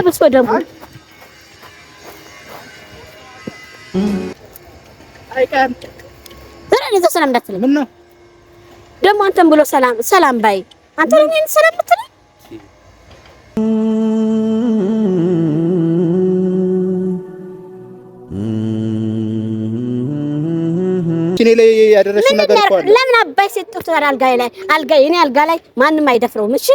ተበስበ ደግሞ ሰላም እንዳትለኝ ምነው ደግሞ አንተም ብሎ ሰላም ሰላም ባይ አንተ ለኔ ሰላም ምትለኝ እኔ ላይ ያደረሽው ነገር እኮ አለ። ለምን አባይ ሴት አልጋዬ ላይ አልጋዬ እኔ አልጋ ላይ ማንም አይደፍረውም። እሺ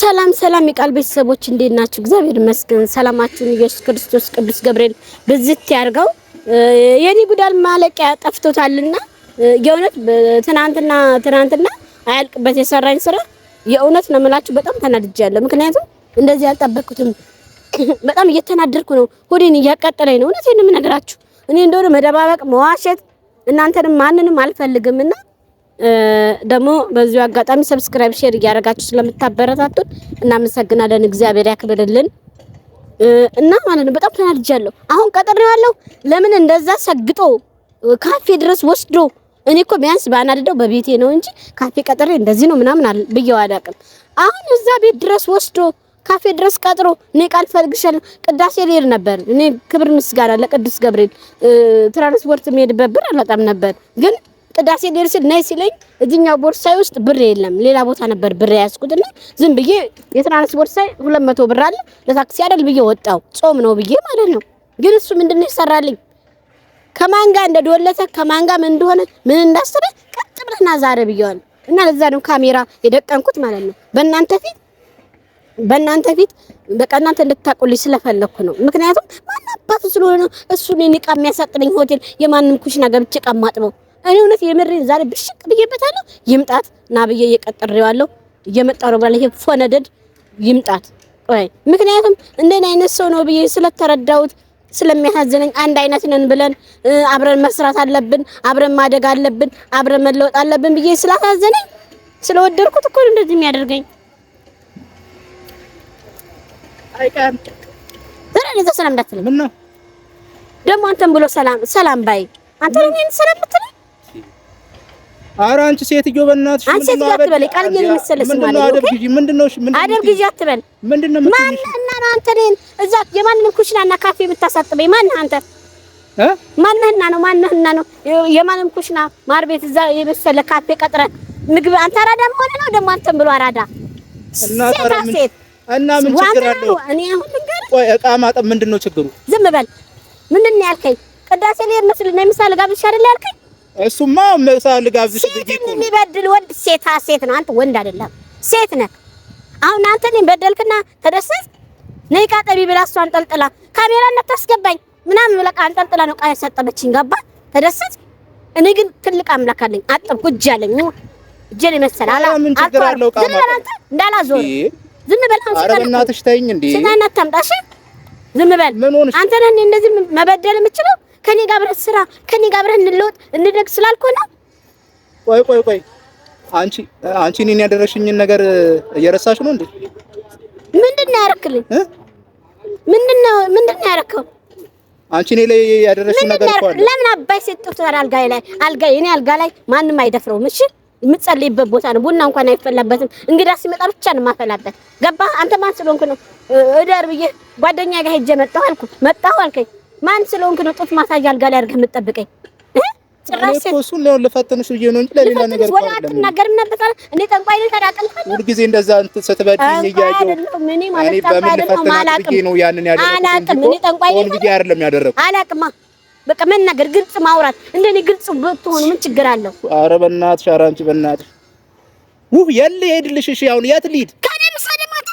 ሰላም ሰላም የቃል ቤተሰቦች እንዴት ናችሁ? እግዚአብሔር ይመስገን። ሰላማችሁን ኢየሱስ ክርስቶስ ቅዱስ ገብርኤል ብዝት ያርገው። የኔ ጉዳል ማለቂያ ጠፍቶታልና የእውነት ትናንትና ትናንትና አያልቅበት የሰራኝ ስራ የእውነት ነው የምላችሁ በጣም ተናድጃለሁ። ምክንያቱም እንደዚህ አልጠበቅኩትም። በጣም እየተናደርኩ ነው። ሆዴን እያቃጠለኝ ነው። እውነቴን ነው የምነግራችሁ። እኔ እንደሆነ መደባበቅ መዋሸት እናንተንም ማንንም አልፈልግምና ደግሞ በዚሁ አጋጣሚ ሰብስክራይብ፣ ሼር እያደረጋችሁ ስለምታበረታቱን እናመሰግናለን። እግዚአብሔር ያክብርልን እና ማለት ነው በጣም ተናድጃለሁ። አሁን ቀጥሬዋለሁ። ለምን እንደዛ ሰግጦ ካፌ ድረስ ወስዶ እኔ እኮ ቢያንስ ባናድደው በቤቴ ነው እንጂ ካፌ ቀጥሬ እንደዚህ ነው ምናምን አለ ብየው አላውቅም። አሁን እዛ ቤት ድረስ ወስዶ ካፌ ድረስ ቀጥሮ እኔ ቃል ፈልግሻለሁ ቅዳሴ ልሄድ ነበር። እኔ ክብር ምስጋና ለቅዱስ ገብርኤል ትራንስፖርት የሚሄድበት ብር አላጣም ነበር ግን ቅዳሴ ደርስ ነይ ሲለኝ እዚህኛው ቦርሳይ ውስጥ ብር የለም። ሌላ ቦታ ነበር ብር ያዝኩትና ዝም ብዬ የትናንስ ቦርሳይ 200 ብር አለ ለታክሲ አይደል ብዬ ወጣው። ጾም ነው ብዬ ማለት ነው። ግን እሱ ምንድነው ይሰራልኝ ከማን ጋር እንደደወለተ ከማን ጋር ምን እንደሆነ ምን እንዳሰበ ቀጥ ብለና ዛሬ ብየዋል። እና ለዛ ነው ካሜራ የደቀንኩት ማለት ነው በእናንተ ፊት በእናንተ ፊት በቃ እናንተ እንድታቆልኝ ስለፈለኩ ነው። ምክንያቱም ማን አባቱ ስለሆነ እሱ እኔን ዕቃ የሚያሳጥነኝ ሆቴል የማንም ኩሽና ገብቼ ዕቃ ማጥበው እኔ እውነት የምሬን ዛሬ ብሽቅ ብዬበታለሁ። ይምጣት ና ብዬ እየቀጠሬዋለሁ። እየመጣው ነው ብላ ፎነደድ ይምጣት። ቆይ ምክንያቱም እንደኔ አይነት ሰው ነው ብዬ ስለተረዳሁት ስለሚያሳዝነኝ አንድ አይነት ነን ብለን አብረን መስራት አለብን፣ አብረን ማደግ አለብን፣ አብረን መለወጥ አለብን ብዬ ስላሳዘነኝ ስለወደድኩት እኮ እንደዚህ የሚያደርገኝ አይቀርም። ሰላም እንዳትለኝ ደግሞ አንተም ብሎ ሰላም ሰላም ባይ አንተ ለኔ ሰላም ምትለኝ ኧረ አንቺ ሴትዮ በእናትሽ አንቺ ሴትዮ አትበል። ቃል ነው መሰለሽ ማለት ነው። አደርግጂ ምንድነው? አደርግጂ አትበል። ምንድነው? ማን እና አንተ ነን እዛ የማንንም ኩሽናና ካፌ የምታሳጥበኝ ማነህ አንተ? እ እና ነው ማን እና ነው የማንም ኩሽና ማር ቤት እዛ የመሰለ ካፌ ቀጥረህ ምግብ አንተ አራዳ መሆነ ነው ደግሞ አንተም ብሎ አራዳ እና ሴት ሴት እና ምን ችግር አለው? እኔ አሁን ልንገርህ። ቆይ እቃ ማጠብ ምንድነው ችግሩ? ዝም በል። ምንድነው ያልከኝ? ቅዳሴ ላይ መስል ነው የሚሳል ጋብቻ አይደል ያልከኝ? እሱማ መሳል ጋብዝ ሴትን የሚበድል ወንድ ሴታ ሴት ነው። አንተ ወንድ አይደለም ሴት ነህ። አሁን አንተ እኔን በደልክና ተደሰት ነይ ቃጠቢ ብላ እሷ አንጠልጥላ ካሜራ እንዳታስገባኝ ምናምን ብላ አንጠልጥላ ነው ዕቃ ያሰጠመችኝ። ገባ ተደሰት። እኔ ግን ትልቅ አምላክ አለኝ። አጠብኩ እጅ አለኝ እጄን የመሰለ አላ አልተዋል። ዝም በል እንዳላዞር ዝም በል። አሁን ሴት ተይኝ እንዴ ሴት ታምጣሽ። ዝም በል አንተ ነህ እንደዚህ መበደል የምችለው ከኔ ጋር አብረህ ስራ፣ ከኔ ጋር አብረህ እንለወጥ እንደግ ስላልኩህ ነው። ቆይ ቆይ ቆይ አንቺ አንቺ እኔን ያደረሽኝን ነገር እየረሳሽ ነው እንዴ? ምንድን ነው ያደረክልኝ? ምንድን ነው ምንድን ነው ያደረከው? አንቺ እኔ ላይ ያደረሽኝ ነገር እኮ አለ። ለምን አባይ ሴት ጥፍት አልጋዬ ላይ አልጋዬ እኔ አልጋ ላይ ማንም አይደፍረውም። እሺ የምትጸልይበት ቦታ ነው። ቡና እንኳን አይፈላበትም። እንግዳ ሲመጣ ብቻ ነው የማፈላበት። ገባህ? አንተ ማን ስለሆንክ ነው እደር ብዬ ጓደኛ ጋር ሄጄ መጣሁ አልኩ መጣሁ አልከኝ። ማን ስለሆንክ ነው ጡት ማሳጅ አልጋ ላይ አድርገህ የምትጠብቀኝ? ጭራሽ እሱን ልፈትንሽ ብዬ ነው እንጂ ለሌላ ነገር ነው። ወላ አትናገርም ነበር እንዴ? ጠንቋይ ነሽ አላውቅም። ሁልጊዜ እንደዛ እንትን ስትበድኝ እያየሁ እኔ ማለት ጠንቋይ አይደለም ነው ያንን ያደረኩት አላውቅም። እኔ ጠንቋይ ነኝ ብዬ አይደለም ያደረኩት አላውቅማ። በቃ መናገር፣ ግልጽ ማውራት። እንደኔ ግልጽ ብትሆኑ ምን ችግር አለው? ኧረ በእናትሽ ኧረ አንቺ በእናትሽ ውይ የለ ይሄድልሽ። እሺ አሁን የት ልሂድ ከኔ ምሳ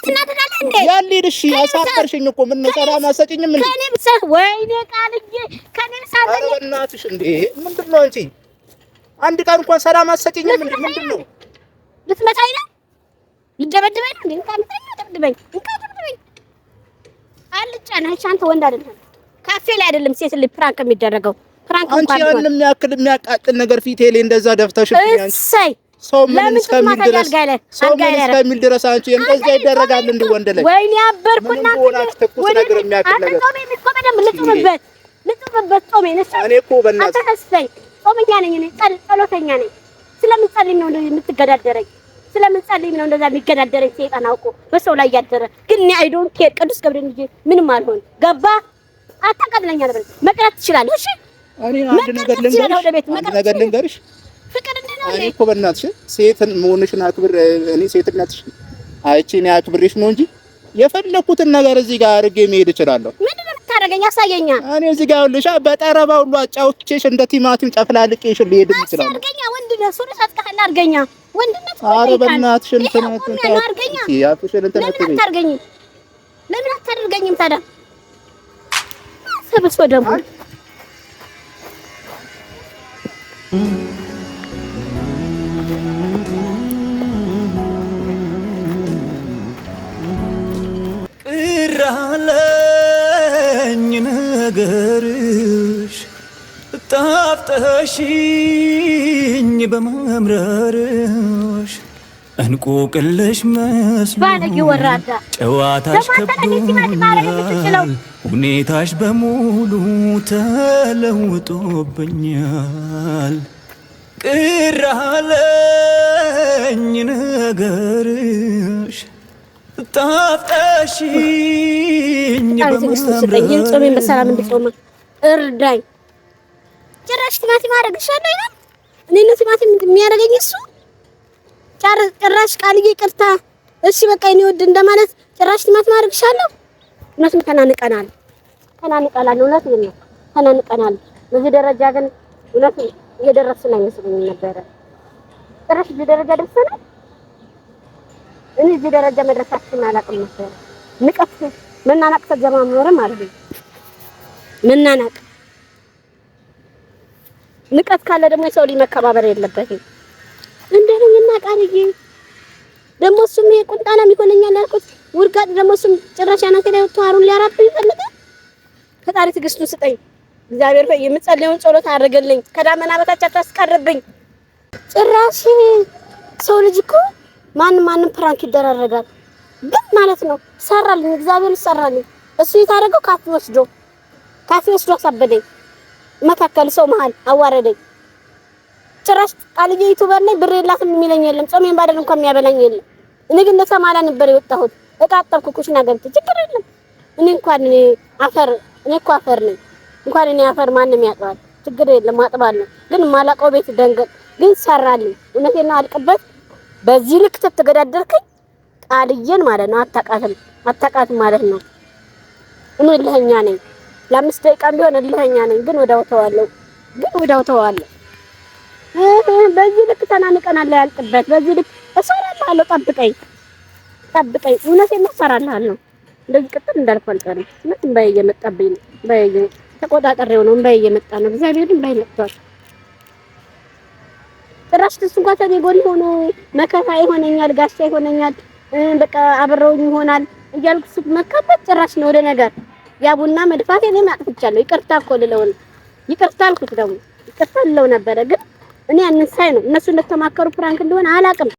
ትናደዳለህ እንዴ? ያልሄድ እሺ፣ አሳፈርሽኝ እኮ ምን ሰላም አትሰጪኝም እንዴ? ምንድን ነው አንቺ አንድ ቀን እንኳን ሰላም አትሰጪኝም ምንድን ነው ልትመታኝ ነው? ልደበድበኝ ነው እንዴ? እንኳን አንተ። ወንድ አይደለም ካፌ ላይ አይደለም ሴት ላይ ፕራንክ የሚደረገው ፕራንክ። አንቺ ያንን የሚያክል የሚያቃጥል ነገር ፊቴ ላይ እንደዛ ደፍታሽ እሰይ ሰው ምን እስከሚል ድረስ ሰው ምን እስከሚል ድረስ አንቺ እንደዚህ ይደረጋል? እንደ ወንድ ላይ ወይኔ አበርኩና ትኩስ ስለምን ጸልኝ ነው የምትገዳደረኝ? እንደዛ የሚገዳደረኝ? ሰይጣን አውቆ በሰው ላይ ያደረ ግን እኔ አይ ዶንት ኬር ቅዱስ ገብርኤል ልጄ ምንም አልሆን ገባ አታቀጥለኛ ነበር መቅረት ትችላለህ። እሺ እኔ አንድ ነገር ልንገርሽ ፍቅር እንዴት ነው? እኔ እኮ በእናትሽ ሴትን መሆንሽን አክብር። እኔ ሴት እናትሽ አይቺ እኔ አክብሬሽ ነው እንጂ የፈለኩትን ነገር እዚህ ጋር አድርጌ መሄድ እችላለሁ። ምን ልታደርገኝ እኔ እዚህ ጋር ሁልሽ በጠረባ ሁሉ አጫውቼሽ እንደ ቲማቲም ጨፍላልቄሽ ልሄድ ይችላል። አርገኛ ወንድ ለሱ አርገኛ ለምን እንዳለኝ ነገርሽ ጣፍጠሽኝ በመምረርሽ እንቆቅልሽ መስሎ ጨዋታሽ ከብዶኛል። ሁኔታሽ በሙሉ ተለውጦብኛል። ቅር አለኝ ነገርሽ ጣፍጠሽኝ ጾሜን በሰላም እንድጾም እርዳኝ። ጭራሽ ቲማቲም አደርግሻለሁ ይላል። እኔ ነው ቲማቲም የሚያደርገኝ እሱ። ጭራሽ ቃልዬ ቅርታ፣ እሺ በቃ እኔ ወድ እንደማለት ጭራሽ ቲማቲም አደርግሻለሁ። እውነትም ተናንቀናል፣ ተናንቀናል። እውነት ነው ተናንቀናል። በዚህ ደረጃ ግን እውነት የደረስን አይመስለኝም ነበረ። ጭራሽ እዚህ ደረጃ ደርሰናል። እኔ እዚህ ደረጃ መድረሳችን አላውቅም ነበር። ንቀት መናናቅ ተጀማመረ ማለት ነው። መናናቅ ንቀት ካለ ደግሞ የሰው ልጅ መከባበር የለበትም። እንደነኝ እና ቃልዬ ደግሞ እሱም ይሄ ቁንጣና የሚሆነኛል ያልኩት ውድጋጥ ደግሞ እሱም ጭራሽ አናቴ ላይ ወጥቶ አሩን ሊያራብኝ ይፈልጋል። ፈጣሪ ትዕግስቱን ስጠኝ። እግዚአብሔር ሆይ የምጸልየውን ጸሎት አድርግልኝ። ከዳመና በታች አታስቀርብኝ። ጭራሽ ሰው ልጅ እኮ ማንም ማንም ፕራንክ ይደራረጋል። ግን ማለት ነው ሰራልኝ፣ እግዚአብሔር ሰራልኝ። እሱ የታደረገው ካፌ ወስዶ ካፌ ወስዶ አሳበደኝ፣ መካከል ሰው መሀል አዋረደኝ። ጭራሽ ቃልዬ ዩቲዩበር ነኝ ብር የላትም የሚለኝ የለም፣ ጾሜን ባደር እንኳን የሚያበላኝ የለም። እኔ ግን ለተማላ ነበር የወጣሁት፣ እጣጠብኩ፣ ኩሽና ገብቼ ችግር የለም። እኔ እንኳን እኔ አፈር እኔ እኮ አፈር ነኝ፣ እንኳን እኔ አፈር ማንም ያጥባል፣ ችግር የለም አጥባለሁ። ግን ማላቀው ቤት ደንገጥ ግን ሰራልኝ፣ እውነቴን ነው አልቅበት በዚህ ልክ ተተገዳደርከኝ ቃልዬን ማለት ነው። አታቃትም አታቃትም ማለት ነው። እኔ እልኸኛ ነኝ። ለአምስት ደቂቃ ቢሆን እልኸኛ ነኝ፣ ግን ወዳው ተዋለው፣ ግን ወዳው ተዋለሁ። በዚህ ልክ ተናንቀናል። ያልቅበት በዚህ ልክ እሰራልሃለሁ። ጠብቀኝ ጠብቀኝ። እውነቴን ነው፣ እሰራልሃለሁ። እንደዚህ ቅጥል እንዳልኩህ አልቀርም። እምባዬ እየመጣብኝ ነው። እምባዬ ተቆጣጠሬው ነው። እምባዬ እየመጣ ነው። እግዚአብሔርን እምባዬ መጥቷል። ጭራሽ እሱ ጋር ተኔጎሪ ሆኖ መከታ ይሆነኛል፣ ጋሻ ይሆነኛል፣ በቃ አብረውኝ ይሆናል እያልኩ ስትመካበት ጭራሽ ነው ወደ ነገር ያ ቡና መድፋት እኔም አጥፍቻለሁ። ይቅርታ እኮ ልለው ይቅርታ አልኩት። ደግሞ ይቅርታ ልለው ነበረ፣ ግን እኔ ያንን ሳይ ነው እነሱ እንደተማከሩ ፕራንክ እንደሆነ አላቅም።